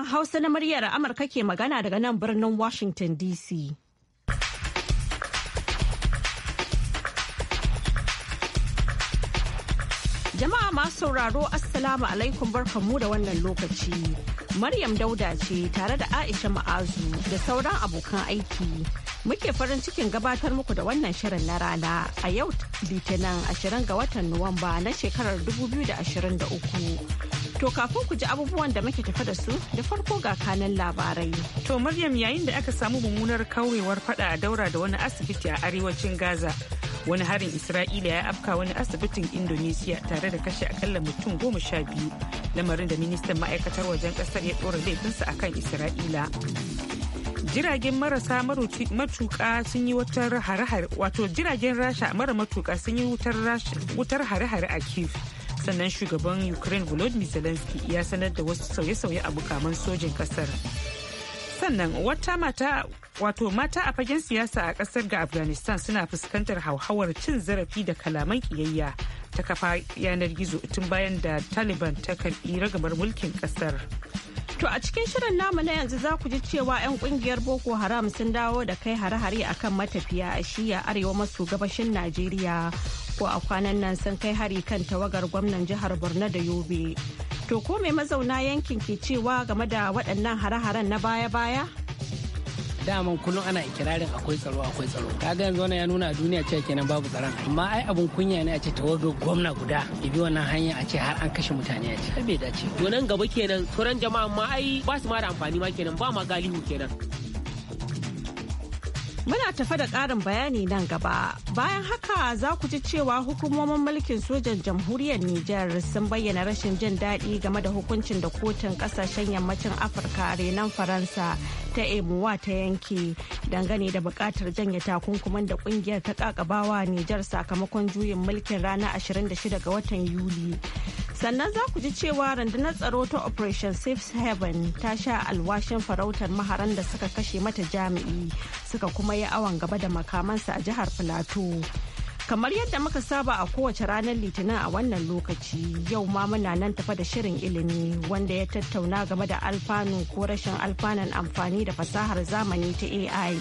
Sashen Hausa na muryar Amurka ke magana daga nan birnin Washington DC. Jama'a masu sauraro Assalamu alaikum barkanmu da wannan lokaci. Maryam Dauda ce tare da Aisha Ma'azu da sauran abokan aiki. Muke farin cikin gabatar muku da wannan shirin na rana a yau Litinin 20 ga watan Nuwamba na shekarar 2023. To kafin ku ji abubuwan da muke tafa da su da farko ga kanan labarai. To Maryam yayin da aka samu mummunar kauyewar fada a daura da wani asibiti a arewacin Gaza. Wani harin Isra'ila ya afka wani asibitin Indonesia tare da kashe akalla mutum goma sha biyu. Lamarin da ministan ma'aikatar wajen kasar ya ɗora laifinsa a kan Isra'ila. jiragen marasa matuka sun yi wutar hare-hare wato jiragen rasha mara matuka sun yi wutar hare-hare a kiev sannan shugaban ukraine volodymyr zelensky ya sanar da wasu sauye-sauye a bukaman sojin kasar sannan wata mata wato mata a fagen siyasa a kasar ga afghanistan suna fuskantar hauhawar cin zarafi da kalaman kiyayya ta kafa yanar gizo tun bayan da taliban ta karbi ragamar mulkin kasar To a cikin shirin namu na yanzu za ku ji cewa 'yan kungiyar Boko Haram sun dawo da kai hare-hare akan matafiya a shiya arewa maso gabashin Najeriya Ko a kwanan nan sun kai hari kan tawagar gwamnan jihar borno da yobe to ko mai mazauna yankin ke cewa game da waɗannan hare-haren na baya-baya daman kullum ana ikirarin akwai tsaro akwai tsaro kaga yanzu wannan ya nuna a duniya cewa kenan babu tsaron amma ai abun kunya ne a ce tawagar gwamna guda ibi wannan hanya a ce har an kashe mutane a ce har bai dace to nan gaba kenan tsoron jama'a ma ai ba su ma da amfani ma kenan ba ma galihu kenan Muna tafa da ƙarin bayani nan gaba. Bayan haka za ku ji cewa hukumomin mulkin sojan jamhuriyar Nijar sun bayyana rashin jin daɗi game da hukuncin da kotun ƙasashen yammacin Afirka renon Faransa ta emuwa ta yanke dangane da buƙatar janye takunkuman da ƙungiyar ta ƙaƙabawa Nijar sakamakon juyin mulkin ranar 26 ga watan Yuli. sannan za ku ji cewa rundunar tsaro ta operation safe haven ta sha alwashin farautar maharan da suka kashe mata jami'i suka kuma yi awon gaba da makamansa a jihar plateau kamar yadda muka saba a kowace ranar litinin a wannan lokaci yau ma muna nan tafa da shirin ilimi wanda ya tattauna game da alfanu ko rashin alfanun amfani da fasahar zamani ta ai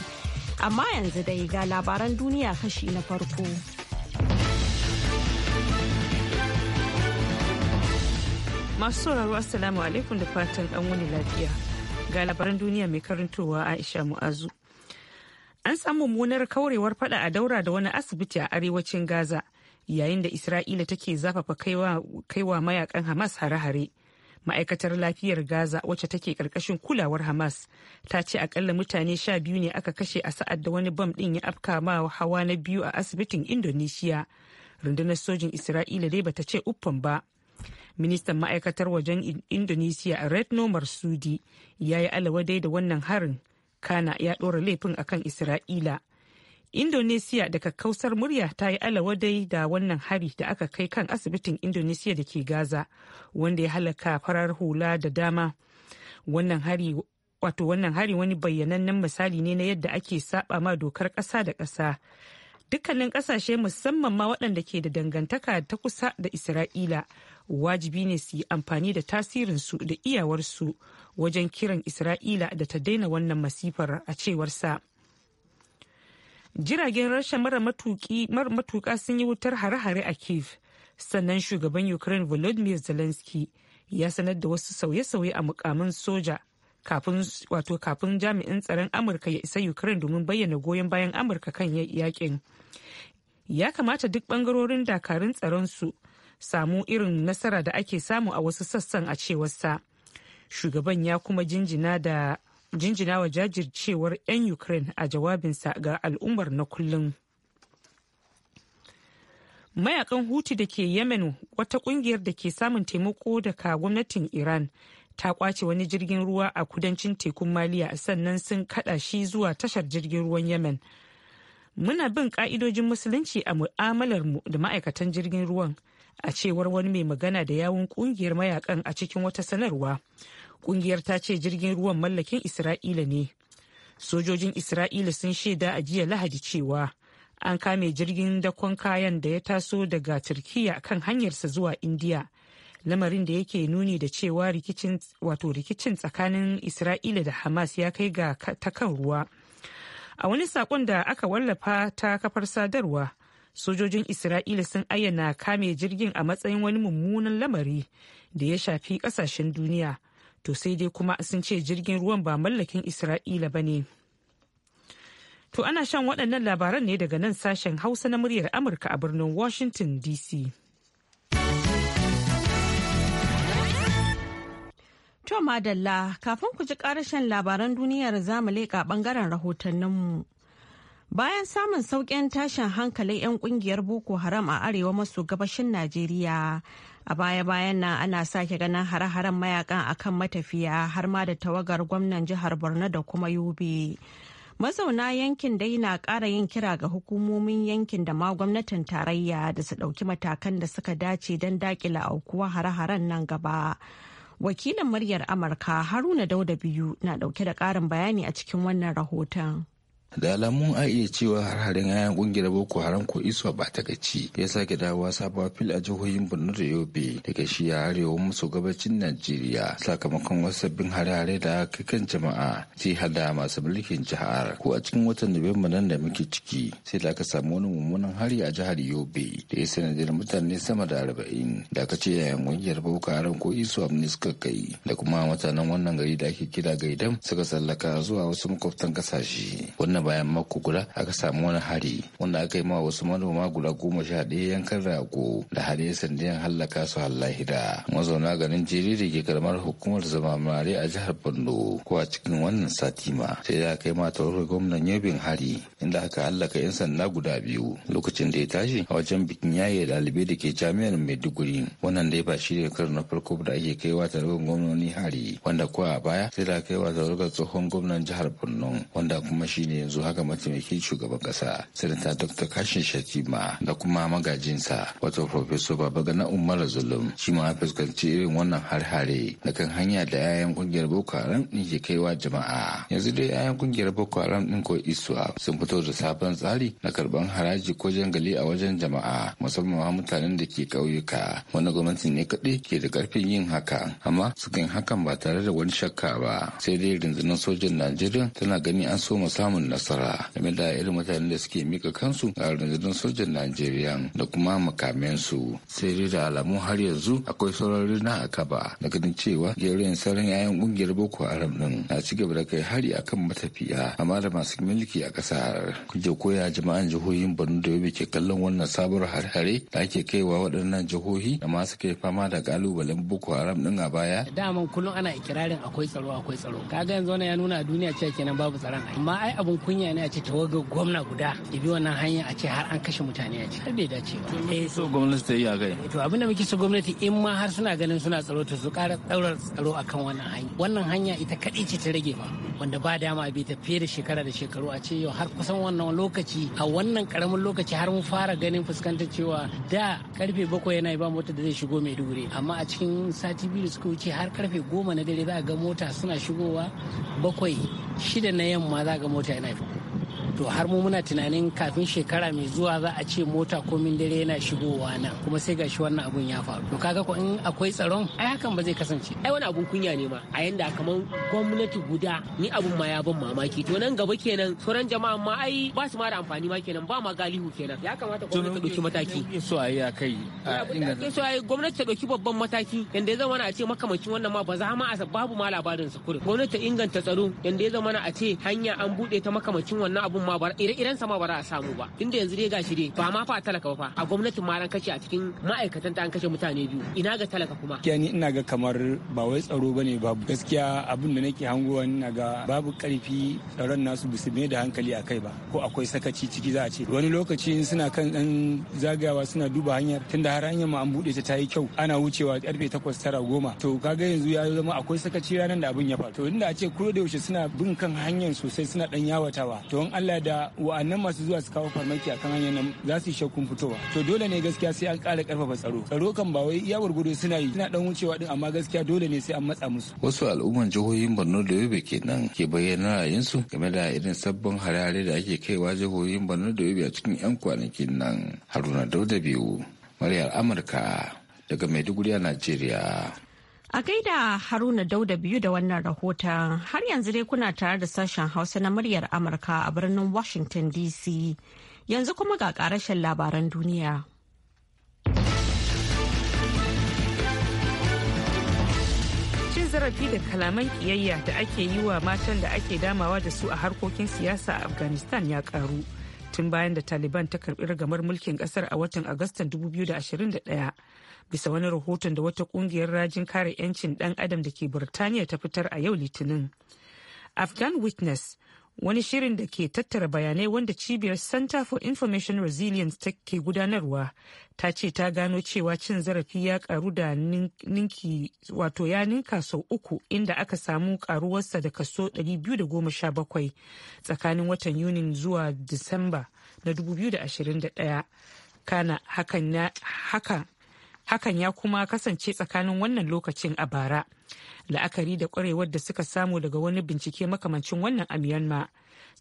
amma yanzu dai ga labaran duniya kashi na farko masu sauraro assalamu alaikum da fatan ɗan wani lafiya ga labaran duniya mai karantowa aisha mu'azu an samu munar kaurewar fada a daura da wani asibiti a arewacin gaza yayin da isra'ila take zafafa kaiwa mayakan hamas hare-hare ma'aikatar lafiyar gaza wacce take karkashin kulawar hamas ta ce akalla mutane sha biyu ne aka kashe a sa'ad da wani bam din ya afka ma hawa na biyu a asibitin indonesiya rundunar sojin isra'ila dai bata ce uffan ba ministan ma'aikatar wajen indonesiya retno marsudi ya yi alawadai da wannan harin kana ya ɗora laifin akan isra'ila indonesiya daga kausar murya ta yi alawadai da wannan hari da aka kai kan asibitin indonesiya da ke gaza wanda ya halaka farar hula da dama wannan hari wato wannan hari wani bayyanannen misali ne na yadda ake saba ma dokar ƙasa da ƙasa dukkanin ƙasashe musamman ma waɗanda ke da dangantaka ta kusa da isra'ila wajibi ne su yi amfani da tasirinsu da iyawarsu wajen kiran isra'ila da ta daina wannan masifar a cewarsa jiragen rasha mara matuka sun yi wutar hare-hare a kiev sannan shugaban ukraine volodymyr zelensky ya sanar da wasu sauye-sauye a mukamin soja wato kafin jami'in tsaron amurka ya isa ukraine domin bayyana goyon bayan amurka kan yakin ya kamata duk bangarorin dakarun tsaron su samu irin nasara da ake samu a wasu sassan a cewarsa shugaban ya kuma jinjina da jinjina wa jajircewar 'yan ukraine a jawabinsa ga al'ummar na kullum mayakan huti da ke yemen wata kungiyar da ke samun taimako daga gwamnatin iran ta kwace wani jirgin ruwa a kudancin tekun maliya sannan sun kada shi zuwa tashar jirgin ruwan yemen muna bin ka'idojin musulunci a mu'amalar mu da ma'aikatan jirgin ruwan a cewar wani mai magana da yawun kungiyar mayakan a cikin wata sanarwa kungiyar ta ce jirgin ruwan mallakin isra'ila ne sojojin isra'ila sun shaida a jiya lahadi cewa an kame jirgin dakon kayan da ya taso daga turkiya kan hanyarsa zuwa indiya lamarin da yake nuni da cewa rikicin wato rikicin tsakanin isra'ila da hamas ya kai ga ta kan ruwa a wani sakon da aka wallafa ta kafar sadarwa sojojin isra'ila sun ayyana kame jirgin a matsayin wani mummunan lamari da ya shafi kasashen duniya to sai dai kuma sun ce jirgin ruwan ba mallakin isra'ila ba ne to ana shan waɗannan labaran ne daga nan sashen hausa na muryar amurka a birnin washington dc to madalla kafin ku ji ƙarashen labaran duniyar zamu leƙa ɓangaren rahotanninmu. Bayan samun sauƙin tashin hankalin 'yan ƙungiyar Boko Haram a arewa maso gabashin Najeriya, a baya-bayan nan ana sake ganin hare-haren mayakan akan matafiya har ma da tawagar gwamnan jihar Borno da kuma Yobe. Mazauna yankin dai na ƙara yin kira ga hukumomin yankin da ma gwamnatin tarayya da su ɗauki matakan da suka dace don daƙila aukuwa hare-haren nan gaba. Wakilin muryar Amurka Haruna Dauda biyu na ɗauke da ƙarin bayani a cikin wannan rahoton. da alamun a iya cewa harharen yayan kungiyar boko haram ko iswa ba ta gaci ya sake dawowa sabon fil a jihohin borno da yobe daga shi a arewa maso gabacin najeriya sakamakon wasu sabbin hare-hare da aka kan jama'a sai hada masu mulkin jihar ko a cikin watan nuwamba nan da muke ciki sai da aka samu wani mummunan hari a jihar yobe da ya sanadiyar mutane sama da arba'in da aka ce yayan kungiyar boko haram ko iswa ne suka kai da kuma mutanen wannan gari da ake kira gaidan suka tsallaka zuwa wasu makwabtan kasashe wannan na bayan mako guda aka samu wani hari wanda aka yi ma wasu manoma guda goma sha ɗaya yankan rago da hare sandiyan hallaka su hallahida mazauna garin jeri da ke karamar hukumar zama mare a jihar borno ko a cikin wannan sati ma sai da kai ma tawarar gwamnan yobin hari inda aka hallaka yan sanda guda biyu lokacin da ya tashi a wajen bikin yaye ɗalibai da ke jami'ar maiduguri wannan dai ba shi ne karo na farko da ake kaiwa tawarar gwamnoni hari wanda ko a baya sai da kaiwa tawarar tsohon gwamnan jihar borno wanda kuma shine ne yanzu haka mataimakin shugaban kasa sanata dr kashin shatima da kuma magajinsa wato professor babagana umar zulum shi ma fuskanci irin wannan har-hare da kan hanya da yayan kungiyar boko haram din ke kaiwa jama'a yanzu dai yayan kungiyar boko haram din ko iswa sun fito da sabon tsari na karban haraji ko jangali a wajen jama'a musamman mutanen da ke ƙauyuka wani gwamnati ne kaɗai ke da ƙarfin yin haka amma sukan hakan ba tare da wani shakka ba sai dai rundunar sojan najeriya tana gani an so samun nasara game da irin mutanen da suke mika kansu a rundunar sojan Najeriya da kuma makamansu. Sai dai da alamu har yanzu akwai sauran rina a kaba da ganin cewa jerin sauran 'ya'yan kungiyar Boko Haram din na ci gaba da kai hari akan matafiya amma da masu mulki a kasar. Kuje koya jama'an jihohin Borno da Yobe ke kallon wannan sabuwar hare-hare da ake kaiwa waɗannan jihohi da masu kai fama da kalubalen Boko Haram din a baya. Daman kullum ana ikirarin akwai tsaro akwai tsaro. Kaga yanzu wannan ya nuna a duniya cewa kenan babu tsaron. Amma ai abun kunya ne a ce ta waga gwamna guda da bi wannan hanya a ce har an kashe mutane a ce har bai dace ba. Eh, so gwamnati ta yi a kai. to abinda muke so gwamnati in ma har suna ganin suna tsaro ta su ƙara tsaurar tsaro a kan wannan hanya wannan hanya ita kaɗai ce ta rage ba wanda ba dama bai ta fiye da shekara da shekaru a ce yau har kusan wannan lokaci a wannan karamin lokaci har mu fara ganin fuskantar cewa da karfe bakwai yana ba mota da zai shigo maiduguri amma a cikin sati biyu da suka wuce har karfe goma na dare za a ga mota suna shigowa bakwai shida na yamma za a ga mota yana to har mu muna tunanin kafin shekara mai zuwa za a ce mota min dare yana shigowa nan kuma sai gashi wannan abun ya faru to kaga ko in akwai tsaron ai hakan ba zai kasance ai wani abun kunya ne ma a yanda kamar gwamnati guda ni abun ma ya ban mamaki to nan gaba kenan sauran jama'a ma ai ba su ma da amfani ma kenan ba ma galihu kenan ya kamata gwamnati ta dauki mataki so ai ya kai so ai gwamnati ta dauki babban mataki yanda ya zama a ce makamancin wannan ma ba za ma a babu ma labarin sa kure gwamnati ta inganta tsaro yanda ya zama a ce hanya an bude ta makamancin wannan abun ma bara ire-iren sama ba za a samu ba inda yanzu dai gashi dai ba ma fa talaka ba a gwamnatin ma ran kace a cikin ma'aikatan ta an kashe mutane biyu ina ga talaka kuma gaskiya ni ina ga kamar ba wai tsaro bane ba gaskiya abin da nake hangowa ina ga babu karfi tsaron nasu bisu su da hankali a kai ba ko akwai sakaci ciki za a ce wani lokaci suna kan dan zagayawa suna duba hanyar tunda har hanyar ma an bude ta tayi kyau ana wucewa karfe 8 tara goma to kaga yanzu ya zama akwai sakaci ranar da abin ya faru to inda a ce kuro da yaushe suna bin kan hanyar sosai suna dan yawatawa to in Allah da wa'annan masu zuwa su kawo farmaki akan hanyar nan za su yi shakkun fitowa to dole ne gaskiya sai an ƙara karfafa tsaro tsaro kan ba wai iya gudu suna yi suna dan wucewa din amma gaskiya dole ne sai an matsa musu wasu al'umman jihohin Borno da Yobe kenan ke bayyana ra'ayinsu game da irin sabbin harare da ake kaiwa jihohin Borno da Yobe a cikin 'yan kwanakin nan Haruna Dauda biyu muryar Amurka daga Maiduguri a Najeriya A gaida Haruna Dauda biyu da wannan rahoton har yanzu dai kuna tare da sashen Hausa na muryar Amurka a birnin Washington DC. Yanzu kuma ga karashen labaran duniya. Cin zarafi da kalaman kiyayya da ake yi wa matan da ake damawa da su a harkokin siyasa a Afghanistan ya karu. Tun bayan da Taliban ta karbi ragamar mulkin kasar a watan Agustan 2021. bisa wani rahoton da wata kungiyar rajin kare 'yancin dan adam da ke burtaniya ta fitar a yau litinin afghan witness wani shirin da ke tattara bayanai wanda cibiyar center for information resilience ta ke gudanarwa ta ce ta gano cewa cin zarafi ya karu da ninki wato ya ninka sau uku inda aka samu karuwarsa da kaso 217 tsakanin watan yunin zuwa disamba na 2021 kana haka hakan ya kuma kasance tsakanin wannan lokacin a bara la'akari da kwarewar da suka samu daga wani bincike makamancin wannan a myanmar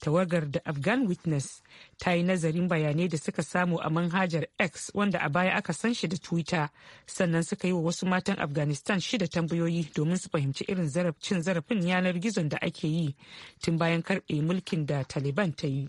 tawagar da afghan witness ta yi nazarin bayanai da suka samu a manhajar x wanda a baya aka san shi da twitter sannan suka yi wa wasu matan afghanistan shida tambayoyi domin su fahimci irin cin zarafin yanar gizon da ake yi tun bayan karbe mulkin da taliban ta yi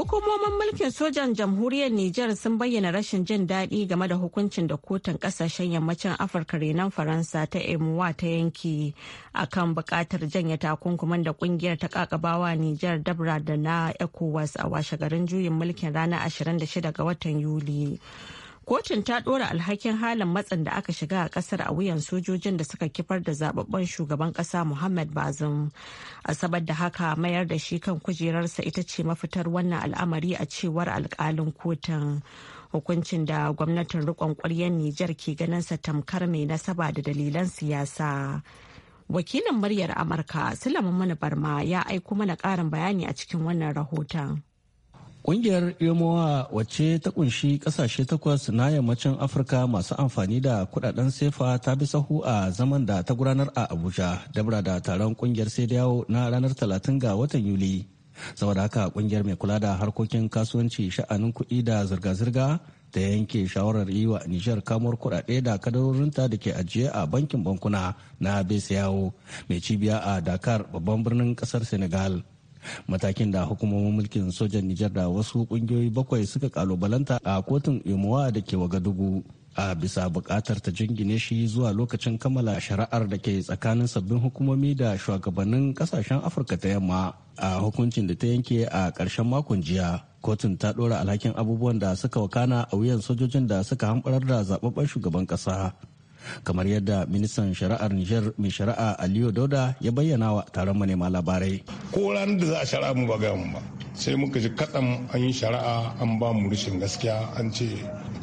Hukumomin mulkin sojan jamhuriyar Nijar sun bayyana rashin jin daɗi game da hukuncin da kotun ƙasashen yammacin Afirka renon Faransa ta emuwa ta yanki kan buƙatar janye takunkuman da ƙungiyar ta ƙaƙabawa Nijar dabra da na ECOWAS a washe garin juyin mulkin ranar 26 ga watan Yuli. kotun ta ɗora alhakin halin matsin da aka shiga a ƙasar a wuyan sojojin da suka kifar da zababben shugaban ƙasa muhammad bazum asabar da haka mayar da shi kan kujerarsa ita ce mafitar wannan al'amari a cewar alkalin kotun hukuncin da gwamnatin rikon ƙwaryar nijar ke ganin sa tamkar mai nasaba da dalilan siyasa wakilin muryar amurka sulaiman mana barma ya aiko mana ƙarin bayani a cikin wannan rahoton Ƙungiyar Yomowa wace ta kunshi ƙasashe takwas na yammacin Afirka masu amfani da kudaden sefa ta bi sahu a zaman da ta gudanar a Abuja, dabra da taron ƙungiyar sai yawo na ranar 30 ga watan Yuli. Saboda haka ƙungiyar mai kula da harkokin kasuwanci sha'anin kuɗi da zirga-zirga ta yanke shawarar yi wa Nijar kamuwar kuɗaɗe da kadarorinta da ke ajiye a bankin bankuna na Besiyawo mai cibiya a Dakar babban birnin ƙasar Senegal. matakin da hukumomin mulkin sojan nijar da wasu kungiyoyi bakwai suka kalubalanta a kotun imuwa da ke wagadugu a bisa bukatar ta jingine shi zuwa lokacin kammala shari'ar da ke tsakanin sabbin hukumomi da shugabannin kasashen afirka ta yamma a hukuncin da ta yanke a ƙarshen makon jiya kotun ta ɗora alhakin abubuwan da suka wakana a wuyan sojojin da suka hamɓarar da zababben shugaban ƙasa kamar yadda ministan shari'ar Nijar mai shari'a Aliyu Dauda ya bayyana wa taron manema labarai. Ko ranar da za a shari'a mu ba ga mu ba sai muka ji kaɗan an yi shari'a an ba mu rashin gaskiya an ce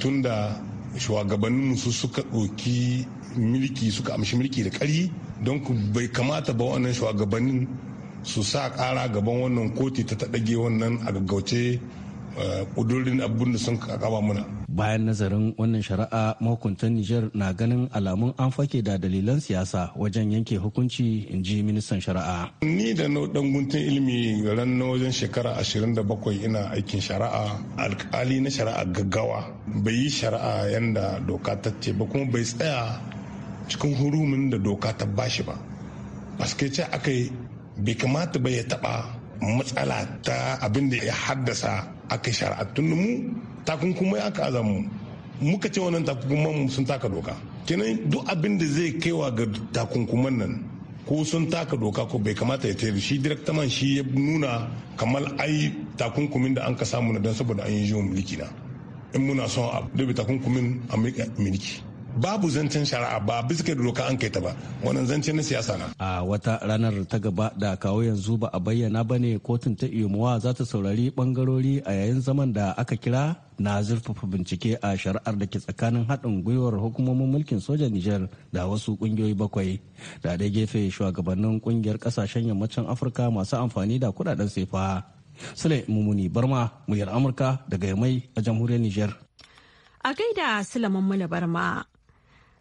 tunda shugabanninmu su suka ɗoki mulki suka amshi mulki da ƙari don ku bai kamata ba wannan shugabannin su sa ƙara gaban wannan koti ta taɗage wannan a gaggauce Eh, kudurin abin da sun kaba muna. Bayan nazarin wannan shari'a mahukuntan Nijar na ganin alamun an fake da dalilan siyasa wajen yanke hukunci in ji ministan shari'a. Ni da na dan guntun ilimi ran na wajen shekara 27 ina aikin shari'a alkali na shari'a gaggawa bai yi shari'a yadda doka ta ce ba kuma bai tsaya cikin hurumin da doka ta bashi ba. Paske ce aka yi bai kamata ba ya taba matsala ta abin da ya haddasa aka shari'attun mu takunkumai aka azamu muka ce wannan takunkuman mu sun taka doka kenan duk abin da zai kaiwa ga takunkuman nan ko sun taka doka ko bai kamata ya tayar shi man shi ya nuna kamar ai takunkumin da an ka samu na don saboda an yi jiwon mulki na in muna son a dubi takunkumin a mulki babu zancen shari'a ba bisa doka an kai ta ba wannan zancen na siyasa na a wata ranar ta gaba da kawo yanzu ba a bayyana ba ne kotun ta iyomuwa za ta saurari bangarori a yayin zaman da aka kira na zurfafa bincike a shari'ar da ke tsakanin haɗin gwiwar hukumomin mulkin sojan Nijar da wasu ƙungiyoyi bakwai da dai gefe shugabannin ƙungiyar kasashen yammacin Afirka masu amfani da kuɗaɗen sefa. Sule Mumuni Barma muryar Amurka daga Yamai a jamhuriyar Nijar. A gaida Sulaman Mula Barma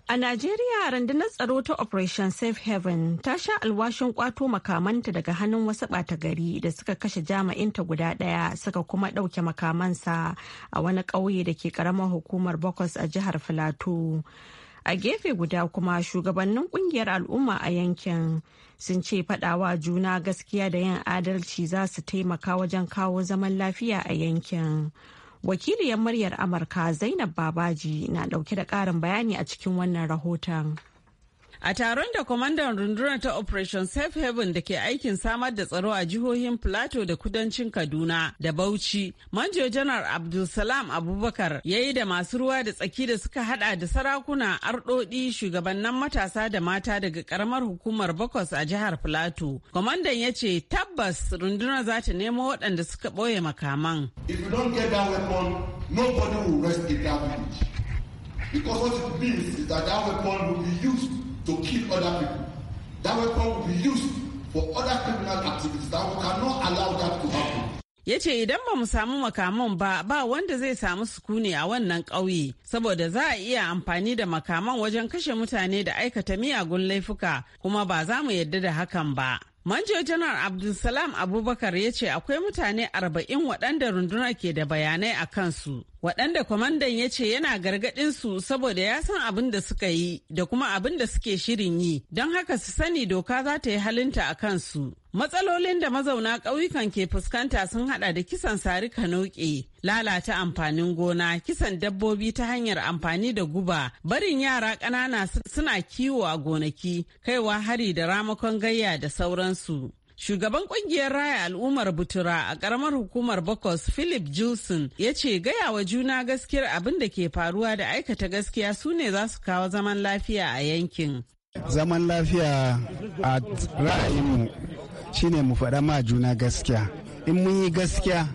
A Najeriya rundunar tsaro ta Operation Safe Haven ta sha alwashin kwato makamanta daga hannun wasu ɓata gari da suka kashe jama'inta guda ɗaya suka kuma ɗauke makamansa a wani ƙauye da ke ƙaramar hukumar Bokos a jihar Filato. A gefe guda kuma shugabannin ƙungiyar al'umma a yankin sun ce faɗawa juna gaskiya da yin adalci za su taimaka wajen kawo zaman lafiya a yankin. wakiliyar muryar amurka zainab babaji na dauke da karin bayani a cikin wannan rahoton A taron da kwamandan rundunar ta Operation Safe Haven da ke aikin samar da tsaro a jihohin Plateau da kudancin Kaduna da Bauchi, Manjo Janar Abdulsalam Abubakar ya yi da masu ruwa da tsaki da suka hada da sarakuna arɗoɗi shugabannin matasa da mata daga karamar hukumar Bakwas a jihar Plateau. Kwamandan ya ce tabbas rundunar za ta nemo waɗanda suka ɓoye makaman. If you don't get that weapon, nobody will rest in that village. Because what it means is that that weapon will be used to kill other people. That weapon will be used for other criminal activities. That we cannot allow that to happen. ya ce idan ba mu samu makaman ba ba wanda zai samu sukuni a wannan ƙauye saboda za a iya amfani da makaman wajen kashe mutane da aikata miyagun laifuka kuma ba za mu yadda da hakan ba Manjo Janar Abdulsalam Abubakar ya ce akwai mutane arba'in waɗanda rundunar ke da bayanai a kansu waɗanda kwamandan ya ce yana gargaɗin su saboda ya san abin da suka yi da kuma abin da suke shirin yi don haka su sani doka za ta yi halinta a kansu. Matsalolin da mazauna ƙauyukan ke fuskanta sun hada da kisan sari nauke" lalata amfanin gona, kisan dabbobi ta hanyar amfani da guba, barin yara ƙanana suna kiwo a gonaki, kaiwa hari da ramakon gayya da sauransu. Shugaban kungiyar raya al'ummar Butura a karamar hukumar Bokos Philip jilson ya ce gaya wa juna gaskiyar abin da ke faruwa da aikata gaskiya su ne za su kawo zaman lafiya a yankin. Zaman lafiya a ra'ayinmu shine mu faɗa ma juna gaskiya. In mun yi gaskiya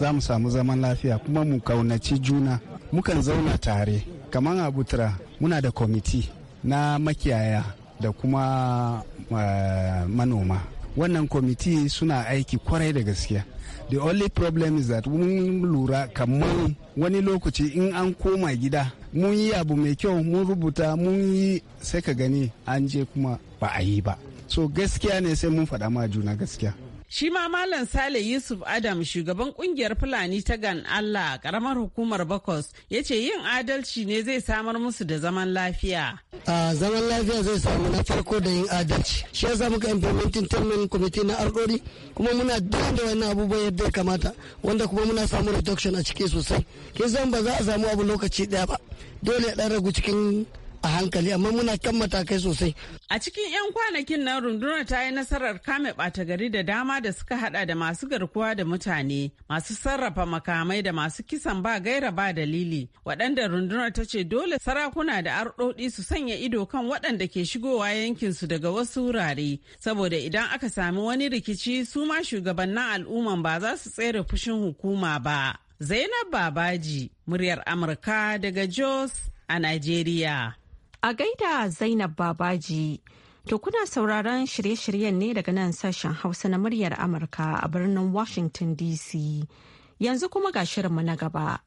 za mu samu zaman lafiya kuma mu kaunaci juna. Mukan zauna tare. Kamar a Butura muna da kwamiti na makiyaya da kuma eh, manoma. wannan kwamiti suna aiki kwarai da gaskiya the only problem is that mun lura kamar wani lokaci in an koma gida mun yi abu mai kyau mun rubuta mun yi sai ka gani an je kuma ba a yi ba so gaskiya ne sai mun faɗa ma juna gaskiya Shi ma Malam Sale Yusuf Adam shugaban kungiyar Fulani ta Gan Allah karamar hukumar Bakos ya ce yin adalci ne zai samar musu da zaman lafiya. A zaman lafiya zai samu na farko da yin adalci. Shi ya samu ka implementing termin committee na arɗori kuma muna duk da wani abubuwa yadda ya kamata wanda kuma muna samu reduction a ciki sosai. Kin san ba za a samu abu lokaci daya ba. Dole ya ɗan ragu cikin a hankali amma muna kan matakai sosai. A cikin 'yan kwanakin nan runduna ta yi nasarar kame ɓata gari da dama da suka hada da masu garkuwa da mutane, masu sarrafa makamai da masu kisan ba gaira ba dalili, waɗanda rundunar ta ce dole sarakuna da arɗoɗi su sanya ido kan waɗanda ke shigowa yankin su daga wasu wurare, saboda idan aka sami wani rikici su ma shugabannin al'umman ba za su tsere fushin hukuma ba. Zainab Babaji, muryar Amurka daga Jos a Najeriya. A gaida Zainab Babaji, to kuna sauraron shirye-shiryen ne daga nan sashen Hausa na muryar Amurka a birnin Washington DC. Yanzu kuma ga shirinmu na gaba.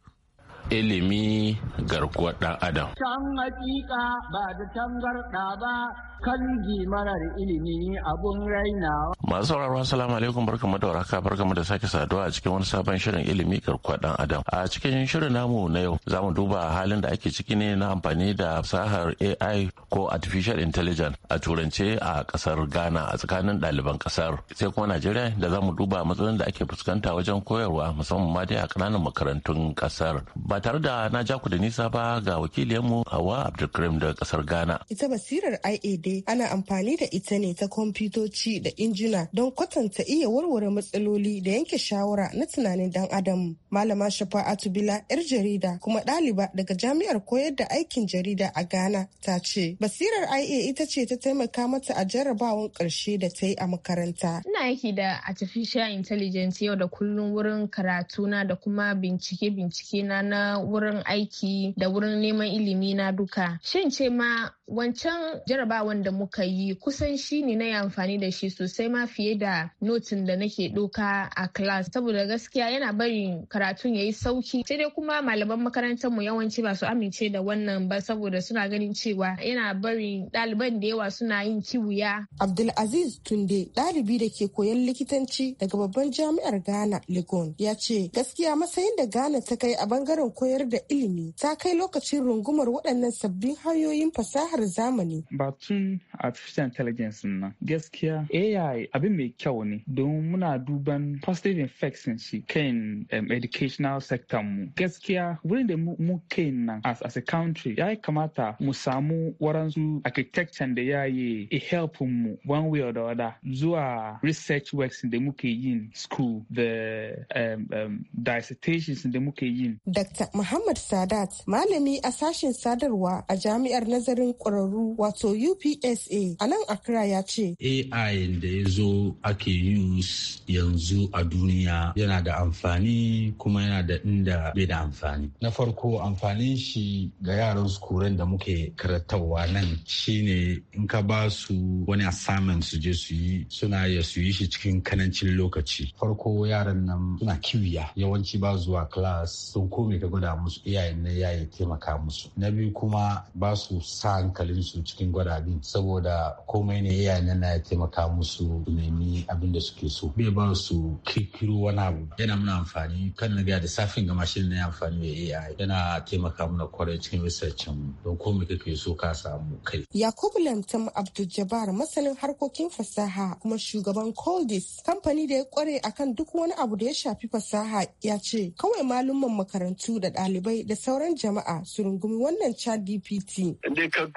Ilimi garkuwar ɗan Adam. Can hakika ba da tangarɗa ba kangi mana da ilimi abun raina. Masu sauraro assalamu alaikum barkamu da warhaka barkamu da sake saduwa a cikin wani sabon shirin ilimi garkuwa dan adam. A cikin shirin namu na yau za mu duba halin da ake ciki ne na amfani da fasahar AI ko artificial intelligence a turance a kasar Ghana a tsakanin ɗaliban kasar. Sai kuma Najeriya da za mu duba matsalolin da ake fuskanta wajen koyarwa musamman ma dai a kananan makarantun kasar. Ba tare da na ja ku da nisa ba ga wakiliyanmu Hawa Abdulkarim da kasar Ghana. Ita basirar IAD ana amfani da ita ne ta kwamfutoci da injina don kwatanta iya warware matsaloli da yanke shawara na tunanin dan adam. Malama Shafa'atu Bila 'yar jarida kuma ɗaliba daga jami'ar koyar da aikin jarida a Ghana ta ce basirar IA ita ce ta taimaka mata a jarrabawan ƙarshe da ta yi a makaranta. Ina aiki da artificial intelligence yau da kullum wurin karatuna da kuma bincike-bincike na na wurin aiki da wurin neman ilimi na duka. Shin ce ma wancan jarabawan da muka yi kusan shi ne na yi amfani da shi sosai ma fiye da notin da nake doka a class saboda gaskiya yana barin karatun ya yi sauki sai dai kuma malaman makarantar mu yawanci ba su amince da wannan ba saboda suna ganin cewa yana bari ɗaliban da yawa suna yin kiwuya. Abdulaziz Tunde ɗalibi da ke koyon likitanci daga babban jami'ar Ghana Legon ya ce gaskiya matsayin da Ghana ta kai a bangaren koyar da ilimi ta kai lokacin rungumar waɗannan sabbin hanyoyin fasahar fasahar zamani. Batun artificial intelligence nan gaskiya AI abin mai kyau ne don muna duban positive effects shi kan educational sector mu. Gaskiya wurin da mu kai nan as a country ya kamata mu samu waransu architecture da ya yi a help mu one way or the other zuwa research works da muke yin school the um, um, dissertations da muke yin. Dr. Muhammad Sadat malami a sashen sadarwa a jami'ar nazarin kwararru wato UPSA a nan Accra ya ce. AI da ya zo ake use yanzu a duniya yana da amfani kuma yana da inda bai da amfani. Na farko amfanin shi ga yaran sukuren da muke karatarwa nan shine in ka ba su wani assignment su je su yi suna ya su yi shi cikin kanancin lokaci. Farko yaran nan suna kiwiya yawanci ba zuwa class sun kome ka gwada musu iyayen na yayi taimaka musu. Na biyu kuma ba su san. hankalinsu cikin gwada bi saboda komai ne ya yana ya taimaka musu nemi abin da suke so bai ba su kirkiro wani abu yana muna amfani kan na da safin gama shi ne amfani da AI yana taimaka mana kwarai cikin research mu don komai kake so ka samu kai Yakubu Lamtam Abdul masanin harkokin fasaha kuma shugaban Coldis kamfani da ya kware akan duk wani abu da ya shafi fasaha ya ce kawai malumman makarantu da ɗalibai da sauran jama'a su rungumi wannan chat GPT.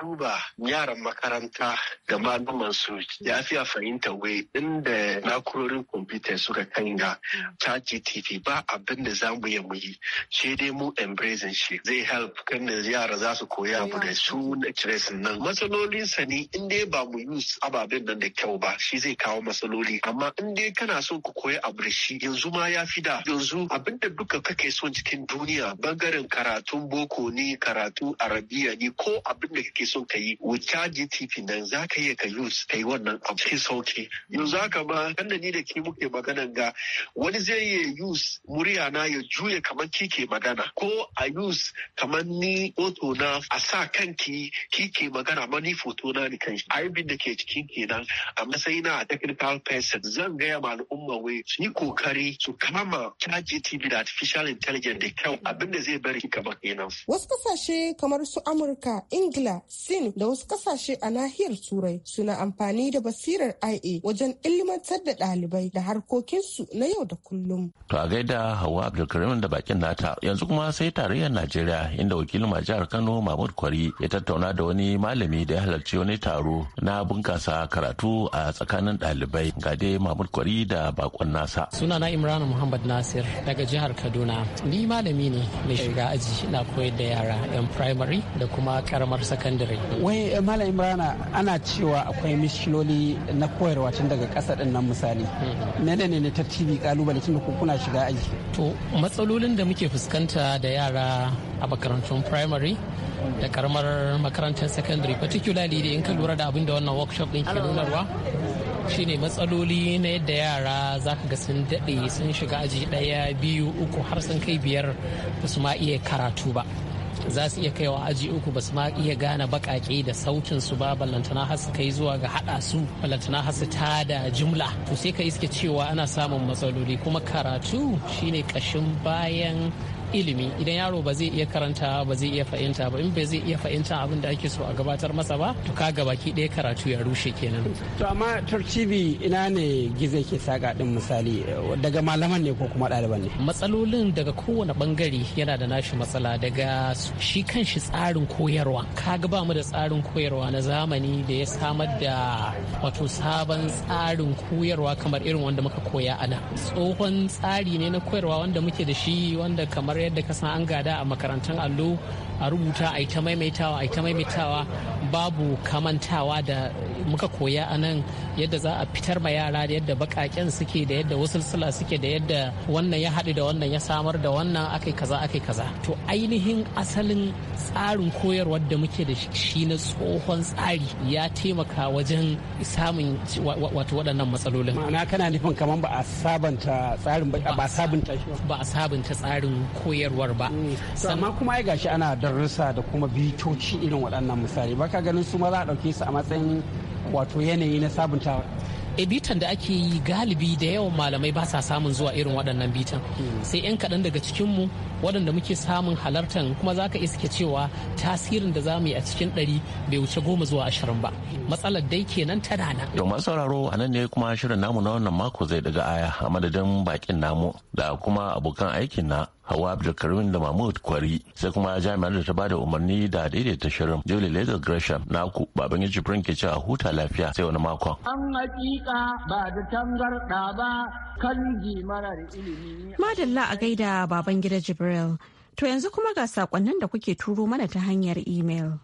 duba yaran makaranta da su ya fiya fahimta wai inda nakurorin kwamfuta suka kanga ga GTP ba abin da za mu yi shi dai mu embracing shi zai help kan da yara za su koya abu da su na ciresin nan matsalolin sa ne in dai ba mu yi ababen nan da kyau ba shi zai kawo matsaloli amma in dai kana so ku koya abu da shi yanzu ma ya fi da yanzu abin da duka kake son cikin duniya bangaren karatun boko ni, karatu arabiya ni, ko abin da kake so so ka yi with gtp nan za ka yi ka use ka yi wannan abu cikin sauki yanzu ka ma kan da ni da ke muke magana ga wani zai yi use murya na ya juya kamar ki ke magana ko a use kamar ni foto na a sa kan ki ke magana ma ni foto na ni kan aibin da ke cikin nan a na a technical person zan gaya ma al'umma wai su yi kokari su kama chat gtp da artificial intelligence da kyau abinda zai bari kamar kenan wasu kasashe kamar su amurka ingila Sin da wasu kasashe a nahiyar Turai suna amfani da basirar IA wajen ilimantar da ɗalibai da harkokinsu na yau da kullum. To a gaida Hauwa Abdulkarim da bakin nata yanzu kuma sai tarayyar Najeriya inda wakilin jihar Kano Mahmud Kwari ya tattauna da wani malami da ya halarci wani taro na bunkasa karatu a tsakanin ɗalibai ga dai Mahmud Kwari da bakon nasa. Suna na Imran Muhammad Nasir daga jihar Kaduna. Ni malami ne mai shiga aji na koyar da yara 'yan primary da kuma karamar sakandare kai wai eh, malam imrana ana cewa akwai mishiloli na koyarwa tun daga kasa din nan misali mm-hmm. menene ne tv kalubale tun da kuna shiga aji to matsalolin da muke fuskanta da yara a makarantun primary da karamar makarantar secondary particularly da in ka lura da abin da wannan workshop din ke nunarwa shine matsaloli na yadda yara za ka ga sun daɗe sun shiga aji ɗaya biyu uku har sun kai biyar ba su ma iya karatu ba za su iya kaiwa aji uku ba su ma iya gane bakake da sautin su ba ballantana har su kai zuwa ga hada su ballantana har su tada jumla to sai ka iske cewa ana samun matsaloli kuma karatu shine kashin bayan ilimi idan yaro ba zai iya karanta ba zai iya fahimta ba in ba zai iya fahimta abin da ake so a gabatar masa ba to ka gabaki ɗaya karatu ya rushe kenan to amma turcibi ina ne gizo ke saka din misali daga malaman ne ko kuma ɗaliban ne matsalolin daga kowane bangare yana da nashi matsala daga shi kan shi tsarin koyarwa kaga ba mu da tsarin koyarwa na zamani da ya samar da wato sabon tsarin koyarwa kamar irin wanda muka koya ana tsohon tsari ne na koyarwa wanda muke da shi wanda kamar yadda ka san an gada a makarantun allo a rubuta a ta maimaitawa a ta maimaitawa babu kamantawa da muka koya a nan yadda za a fitar ma yara da yadda bakaken suke da yadda wasulsula suke da yadda wannan ya haɗu da wannan ya samar da wannan akai kaza akai kaza to ainihin asalin tsarin koyarwar da muke da shi na tsohon tsari ya taimaka wajen samun wato waɗannan matsalolin ma'ana kana nufin kamar ba a sabunta tsarin ba a sabunta shi ba a sabunta tsarin koyarwa koyarwar ba. Mm. Amma kuma ai gashi ana darussa da kuma bitoci irin waɗannan misali baka ganin su ma za a ɗauke su a matsayin wato yanayi na sabuntawa. e bitan da ake yi galibi da yawan malamai ba sa samun zuwa irin waɗannan bitan mm. sai 'yan kaɗan daga cikinmu waɗanda muke samun halartan kuma za ka iske cewa tasirin da za mu yi a cikin ɗari bai wuce goma zuwa ashirin ba mm. matsalar dai kenan ta dana. domin sauraro a nan ne kuma shirin namu na wannan mako zai daga aya a madadin bakin namu da kuma abokan aikin na hawa abdulkarim da mahmud kwari sai kuma jami'ar da ta bada umarni da daidaita shirin julie legal gresham naku baban ya jibrin ke cewa huta lafiya sai wani makon. an hakika ba da tangarda ba kan da ilimi. madalla a gaida baban gida jibril to yanzu kuma ga sakonnin da kuke turo mana ta hanyar imel.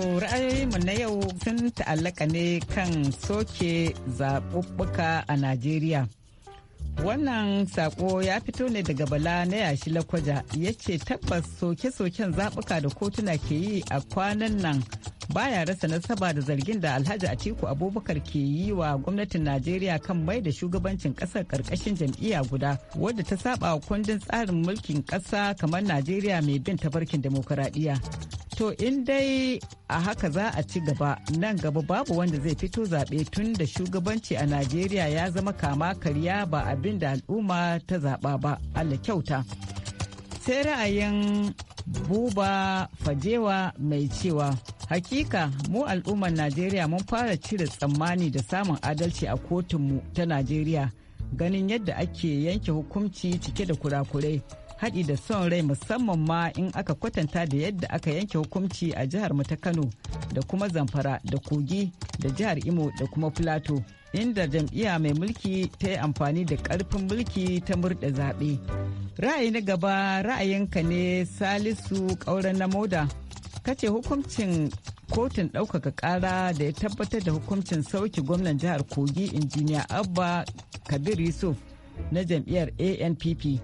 ra'ayoyinmu na yau sun ta'allaka ne kan soke zaɓuɓɓuka a Najeriya. Wannan saƙo ya fito ne daga Bala na yashi lakwaja ya ce tabbas soke-soken zaɓuka da kotuna ke yi a kwanan nan baya rasa nasaba da zargin da Alhaji Atiku Abubakar ke yi wa gwamnatin Najeriya kan mai da shugabancin kasar karkashin jam'iyya guda wadda ta saba wa kundin tsarin mulkin kasa kamar Najeriya mai bin tafarkin demokuraɗiyya. To in dai a haka za a ci gaba nan gaba babu wanda zai fito zaɓe tun da shugabanci a Najeriya ya zama kama karya ba abin da al'umma ta zaɓa ba Allah kyauta. sai ra'ayin buba fajewa mai cewa hakika mu al'ummar najeriya mun fara cire tsammani da samun adalci a kotunmu ta najeriya ganin yadda ake yanke hukunci cike da kurakurai haɗi da son rai musamman ma in aka kwatanta da yadda aka yanke hukunci a jihar mu ta kano da kuma zamfara da kogi da jihar imo da kuma filato inda jam'iyya mai mulki ta yi amfani da ƙarfin mulki ta murɗa zaɓe Ra'ayi na gaba ra'ayinka ne Salisu ƙauren na moda. Kace hukuncin kotun ɗaukaka ƙara da ya tabbatar da hukuncin sauki gwamnan jihar Kogi injiniya Abba Kabir Yusuf na jam'iyyar ANPP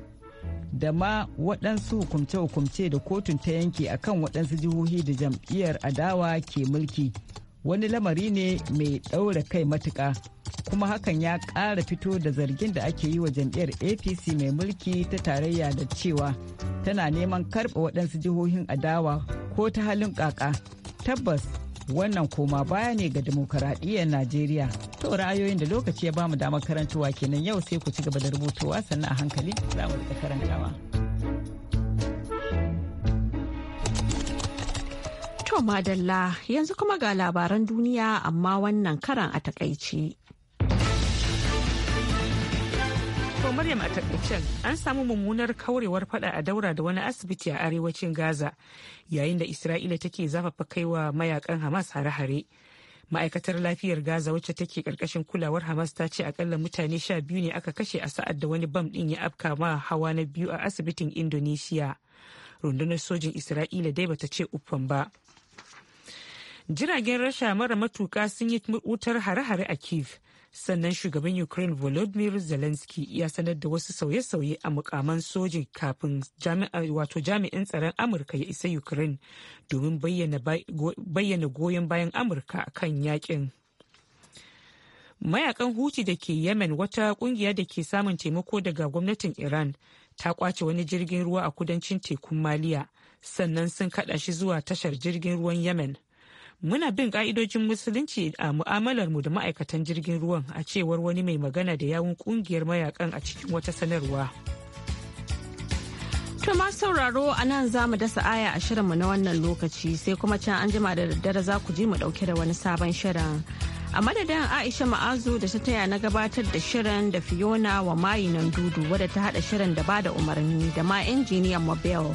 da ma waɗansu hukumce-hukumce da kotun ta yanke akan waɗansu jihohi da jam'iyyar adawa ke mulki. wani lamari ne mai ɗaura kai matuƙa kuma hakan ya ƙara fito da zargin da ake yi wa jam'iyyar apc mai mulki ta tarayya da cewa tana neman karɓa waɗansu jihohin adawa ko ta halin ƙaƙa tabbas wannan koma baya ne ga demokaradiyyar najeriya to ra'ayoyin da lokaci ya bamu damar karantawa kenan yau sai ku ci gaba da rubutuwa sannan a hankali za mu karantawa. To madalla yanzu kuma ga labaran duniya amma wannan karan a takaice. To Maryam a takaicen an samu mummunar kaurewar fada a daura da wani asibiti a arewacin Gaza yayin da Isra'ila take zafafa kaiwa mayakan Hamas hare-hare. Ma'aikatar lafiyar Gaza wacce take karkashin kulawar Hamas ta ce akalla mutane sha biyu ne aka kashe a sa'ad da wani bam din ya afka ma hawa na biyu a asibitin indonesiya Rundunar sojin Isra'ila dai bata ce uffan ba. jiragen rasha mara matuka sun yi wutar hare-hare a kiev sannan shugaban ukraine volodymyr zelensky ya sanar da wasu sauye-sauye a mukaman soji kafin wato jami'in tsaron amurka ya isa ukraine domin bayyana goyon bayan amurka kan yakin mayakan huti da ke yemen wata kungiya da ke samun taimako daga gwamnatin iran ta kwace wani jirgin ruwa a kudancin tekun maliya sannan sun kada shi zuwa tashar jirgin ruwan yemen muna bin ka'idojin musulunci a mu'amalar mu da ma'aikatan jirgin ruwan a cewar wani mai magana da yawun kungiyar mayakan a cikin wata sanarwa To ma sauraro a nan za mu dasa aya a shirinmu na wannan lokaci sai kuma can an jima da daddare za ku ji mu dauke da wani sabon shirin. A madadin Aisha Ma'azu da ta taya na gabatar da shirin da Fiona wa mayi dudu wadda ta hada shirin da ba da umarni da ma injiniyan Mobile.